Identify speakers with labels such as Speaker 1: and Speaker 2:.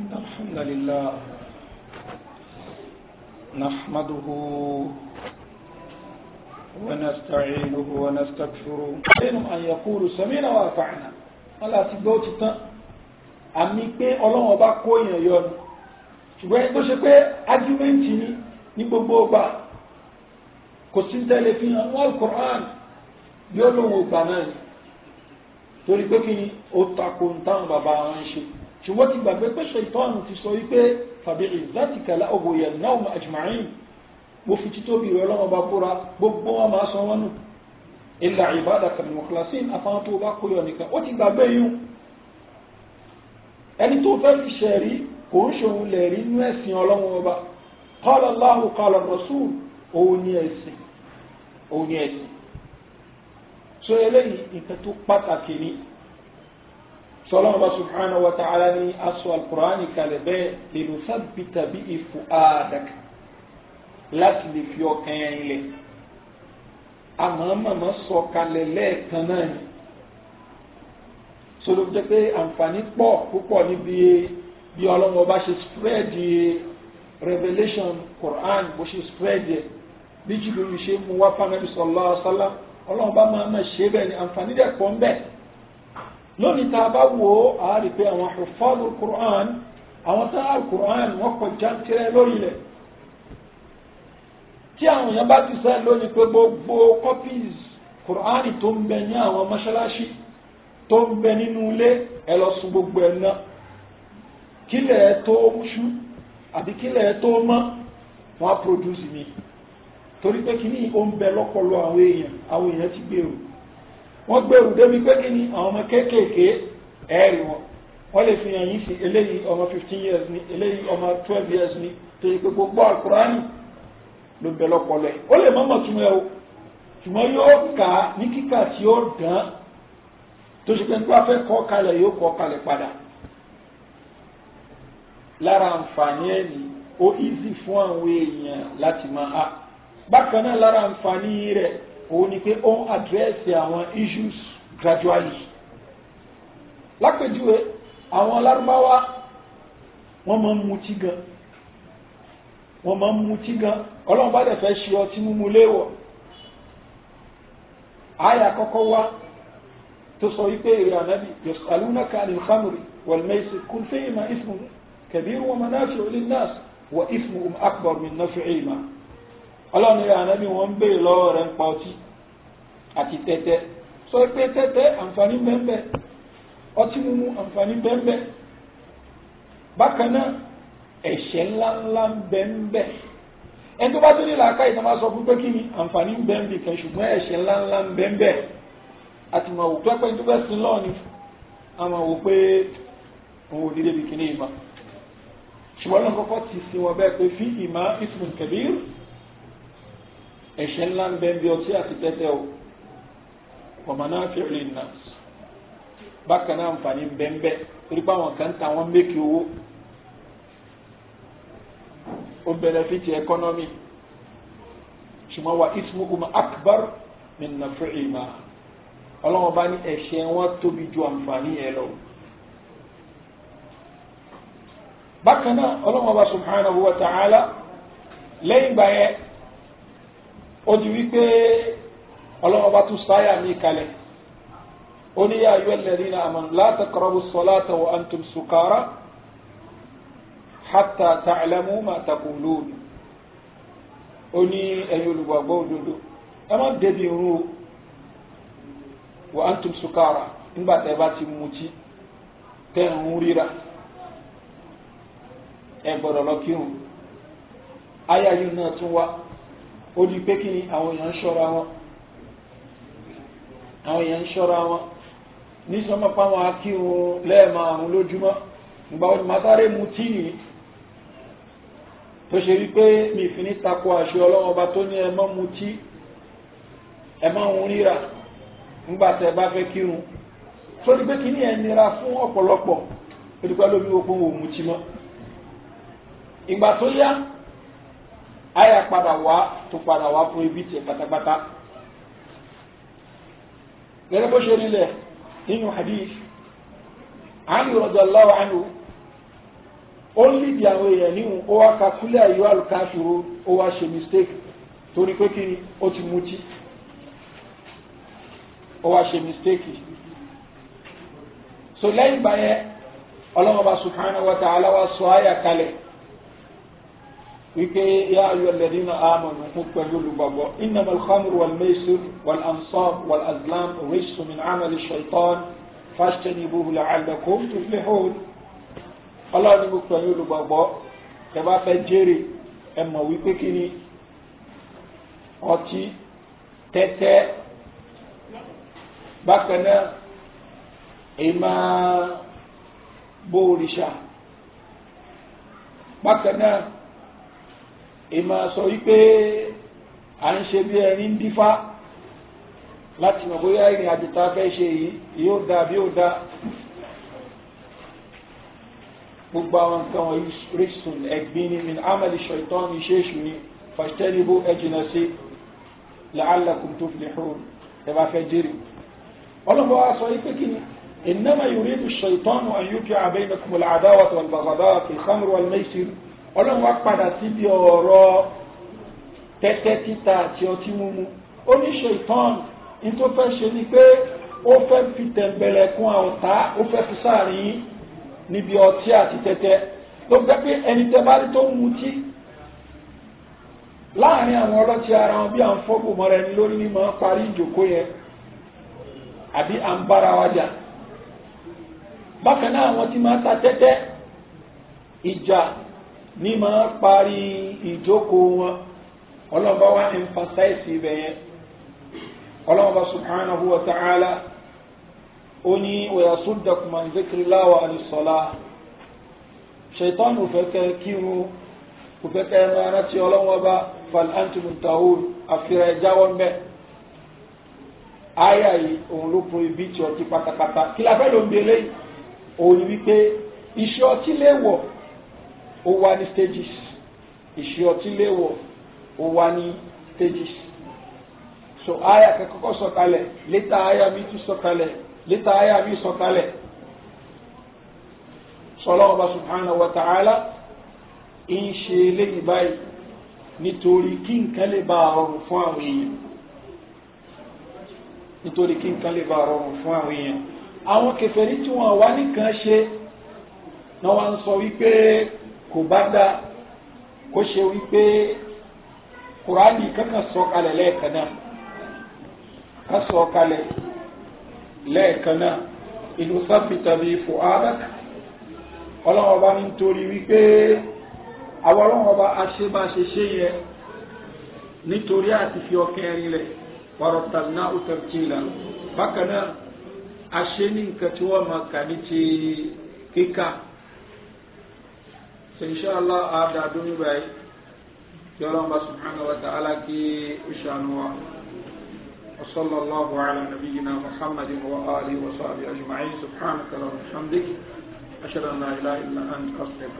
Speaker 1: إن الحمد لله نحمده ونستعينه ونستكفره بينهم أن يقول سمينا وأطعنا ni gbogbo fi ṣùgbọ́n ti gbàgbé pé ṣètọ́nù ti sọ wípé fàbí ìzátìkà láògbò yẹn náà mọ àjùmáyìn mo fi títóbi rẹ ọlọ́mọba búra gbogbo wọn máa san wọn nù ilà ìbádà kàmìmọ̀kìlásìn afáwọn tó bá kóyọ nìkan ó ti gbàgbé yún ẹni tó fẹ́ fi ṣẹ̀rí kò ń ṣòun lè rí inú ẹ̀sìn ọlọ́mọba qala Allahu qala Rasul òun ni ẹ̀sìn òun ni ẹ̀sìn sọlọ́mọba subhanahu wa ta'ala ni aṣọ alukur'ani kalẹ̀ bẹ́ẹ̀ lẹ́nu sábì tàbí ìfò àdàkà láti lè fi ọkàn yẹn lẹ̀ àmọ́ màmá sọ kalẹ̀ lẹ́ẹ̀kan náà ni sọlọ́ jẹ́ pé àǹfààní pọ̀ púpọ̀ níbi bí ọlọ́mọba ṣe spread revelation Quran bó ṣe spread yẹ bí jìbìrì ṣe mú wá fún anabi sallallahu alaihi wasallam ọlọ́mọba máa ma ṣe bẹ́ẹ̀ ni àǹfààní dẹ̀ pọ̀ ń bẹ́ẹ̀ lónìí tá a bá wo àárí pé àwọn àfọ́lù Qur'an àwọn tá a Qur'an wọ́n kọ jántìrẹ́ lórí rẹ̀ tí àwọn èèyàn bá ti sẹ́ lónìí pé gbogbo copies Qur'an tó ń bẹ ní àwọn mọ́ṣáláṣí tó ń bẹ nínú ilé ẹ lọ sun gbogbo ẹ̀ náà kílẹ̀ tó ṣú àbí kílẹ̀ tó mọ́ wọ́n á produce mi torí pé kí ní ó ń bẹ lọ́pọ̀lọ́ àwọn èèyàn àwọn èèyàn ti gbèrò wọ́n gbèrú débi pé kí ni àwọn ọmọ kéékèèké ẹ̀rì wọn wọ́n lè fi hàn yín sí eléyìí ọmọ fifteen years ni eléyìí ọmọ twelve years ni tó yẹ pé gbogbo àkùránì ló bẹ̀ lọ́pọ̀lọ́ ẹ̀ ó lè mọ́mọ́ túmọ̀ ẹ o ṣùgbọ́n yóò kà á ní kíkà tí ó dán tó ṣe pé nípa fẹ́ kọ́ kalẹ̀ yóò kọ́ kalẹ̀ padà lára àǹfààní ẹ̀ ni ó easy fún àwọn èèyàn láti máa hà bákan náà lára àǹfààní rẹ̀ òun ni pé ó ń àdírẹ́sì àwọn issues gradually lápèjúwe àwọn lárúbáwá wọ́n máa ń mutí gan wọ́n máa ń mutí gan ọlọ́run bá dẹ̀ fẹ́ ṣe ọtí mímu léèwọ̀ àyà kọ́kọ́ wá tó sọ wípé èrè ànábì yasalunaka anil khamri wal maisir kul fihima ismun kabiru wa manafi'u lin nas wa ismuhum akbar min nafi'ihima ọlọ́run rẹ̀ ànábì wọ́n ń béèrè lọ́wọ́ rẹ̀ ń pa ọtí àti tẹ́tẹ́ sọ pé tẹ́tẹ́ àǹfààní bẹ́ẹ̀ ọtí mímu àǹfààní bẹ́ẹ̀ bákan náà ẹ̀ṣẹ̀ ńláńlá bẹ́ẹ̀ ẹni tó bá tó ní làákà ìtàn máa sọ fún pé kí ni àǹfààní bẹ́ẹ̀ kan ṣùgbọ́n ẹ̀ṣẹ̀ ńláńlá bẹ́ẹ̀ àti màá wò pé pé tó bẹ́ẹ̀ sí lọ́ọ̀ni àmà wò pé òun ò dídé bìkínì ìmọ̀ ṣùgbọ́n náà kọ́kọ́ ti sin wọn bẹ́ẹ̀ pé fi ìmọ̀ ìsìn kẹ̀bí ẹ̀ṣẹ̀ ńlá ń bẹ́ẹ̀ bí ọtí àti tẹ́tẹ́ o ọmọ náà fi rìn náà bákan náà nfààní bẹ́ẹ̀nbẹ́ẹ́ torí pé àwọn kan ta wọ́n mékì owó ó benefit economy ṣùgbọ́n wa ismuhum akbar min naf'ihima ọlọ́wọ́n bá ní ẹ̀ṣẹ̀ wọn tóbi ju àǹfààní yẹn lọ. bákan náà ọlọ́wọ́n bá subhanahu wa ta'ala lẹ́yìn gbà ó di wípé ọlọ́wọ́ bá tún sáyà mí kalẹ̀ ó ní yá ayọ́ alladhina amanu la taqrabu salata wa antum sukara hatta ta'lamu ma taqulun ó ní ẹ̀yin olùgbàgbọ́ òdodo ẹ má débi irú wa antum sukara nígbà tẹ́ bá ti mutí tẹ́ ń ríra ẹ gbọ́dọ̀ lọ kírun ayáyún náà tún wá ó di pé kí ni àwọn èèyàn ṣọ́ra wọn àwọn èèyàn ṣọ́ra wọn ní sọmọ páwọn akíhun lẹ́ẹ̀mọ àrùn lójúmọ́ ìgbà ó máa sáré mu tí nì tó ṣe rí pé mi fi ní tako àṣẹ ọlọ́wọ́n ọba tó ní ẹ mọ́ mu tí ẹ mọ́ ríra ńgbà tẹ́ bá fẹ́ kírun tó di pé kí ni ẹ nira fún ọ̀pọ̀lọpọ̀ ó di pé lómi òpin òmùtí mọ́ ìgbà tó yá àyà padà wá tó padà wá prohibit ẹ̀ pátápátá gẹ́gẹ́ bó ṣe nílẹ̀ nínú hadith àánú radiyallahu anhu ó ń lìdí àwọn èèyàn níhùn ó wá ka kúlẹ̀ àyíwá alùkáṣòro ó wá ṣe mistake torí pé kí ni ó ti mutí ó wá ṣe mistake so lẹ́yìn báyẹn ọlọ́mọba subhanahu wa ta'ala wá sọ àyà kalẹ̀ wípé yá ayọ̀ lẹ́dínà àmọ̀nù fún pẹ̀lú olùgbàgbọ́ innama alhamru walmaisir walansab walazlam rijsun min amali shaitan fajtanibuhu la'allakum tuflihun ọlọ́run ní pẹ̀lú olùgbàgbọ́ ẹ bá fẹ́ jèrè ẹ mọ̀ wípé kí ọtí tẹ́tẹ́ bákan náà ìmọ̀ bó ìmọ̀ sọ wípé à ń ṣe bí ẹni ń dífá láti mọ̀ bóyá ìrìn àjò tá a fẹ́ ṣe yìí yóò da bí ó da gbogbo àwọn nǹkan wọ̀nyí rísùn ẹ̀gbin ni min amali shaitan ni ṣéṣù ni fàṣtẹ́nibó ẹ̀jìnà sí la'allakum tuflihun ẹ bá fẹ́ jèrè ọlọ́mọ wa sọ wípé kí ni innama yuridu shaitan an yuqi'a bainakum al-adawata wal-baghda'a fil khamri wal-maisir ọlọ́run wá padà síbi ọ̀rọ̀ tẹ́tẹ́ títa àti ọtí mímu ó ní ṣètọ́n ní tó fẹ́ ṣe ni pé ó fẹ́ fi tẹ̀m̀bẹ̀lẹ̀kún àwòtá ó fẹ́ fi sáàrin níbi ọtí àti tẹ́tẹ́ ló gbẹ́ pé ẹni tẹ́ bá rí tó ń mutí láàrin àwọn ọlọ́tí ara wọn bí à ń fọ́gbò mọ́ra ẹni lórí ní máa parí ìjòkó yẹn àbí à ń bára wa jà bákan náà àwọn tí máa ta tẹ́tẹ́ ìjà ní máa parí ìjókòó wọn ọlọ́mọba wá emphasize ibẹ̀ yẹn ọlọ́mọba subhanahu wa ta'ala ó ní wayasuddakum an zikrillah wa an salah ṣètọ́n òfẹ́kẹ́ kírun òfẹ́kẹ́ máa rántí ọlọ́mọba fal antum muntahun àfihàn ẹ̀jáwọ́ mẹ́ àyà yìí òun ló prohibit ọtí pátápátá kí la fẹ́ ló ń bẹ̀rẹ̀ òun ni wípé iṣẹ́ ọtí lè wọ̀ ó wá ní stages ìṣe ọtí léwọ̀ ó wá ní stages so aya kan kọ́kọ́ sọ̀kalẹ̀ létà aya mi tún sọ̀kalẹ̀ létà aya mi sọ̀kalẹ̀ sọlọ́wọ́ bá subhanahu wa ta'ala ń ṣe eléyìí báyìí nítorí kí nǹkan lè bá rọrùn fún àwọn èèyàn nítorí kí nǹkan lè bá rọrùn fún àwọn èèyàn àwọn kèfèrí tí wọ́n wá nìkan ṣe náà wá sọ wípé kò bá dá kó ṣe wípé kùránì kankan sọ kalẹ̀ lẹ́ẹ̀kan náà ká sọ kalẹ̀ lẹ́ẹ̀kan náà ìlú sábìtà bíi fò ádákà ọlọ́wọ́n bá ní torí wípé àwọn ọlọ́wọ́n bá aṣebáṣeṣe yẹn nítorí àti fi ọkẹ́ rin lẹ̀ wàrọ̀tà náà ó tẹ̀ tí ì lànà bákan náà aṣe ní nǹkan tí wọ́n máa kà ní ti kíkà so inṣàlá àádá dúró báyìí kí ọlọ́mọba subhanahu wa ta'ala kí ó ṣàánú wa وصلى الله على نبينا محمد وآله وصحبه أجمعين سبحانك اللهم وبحمدك أشهد أن لا إله إلا أنت أستغفرك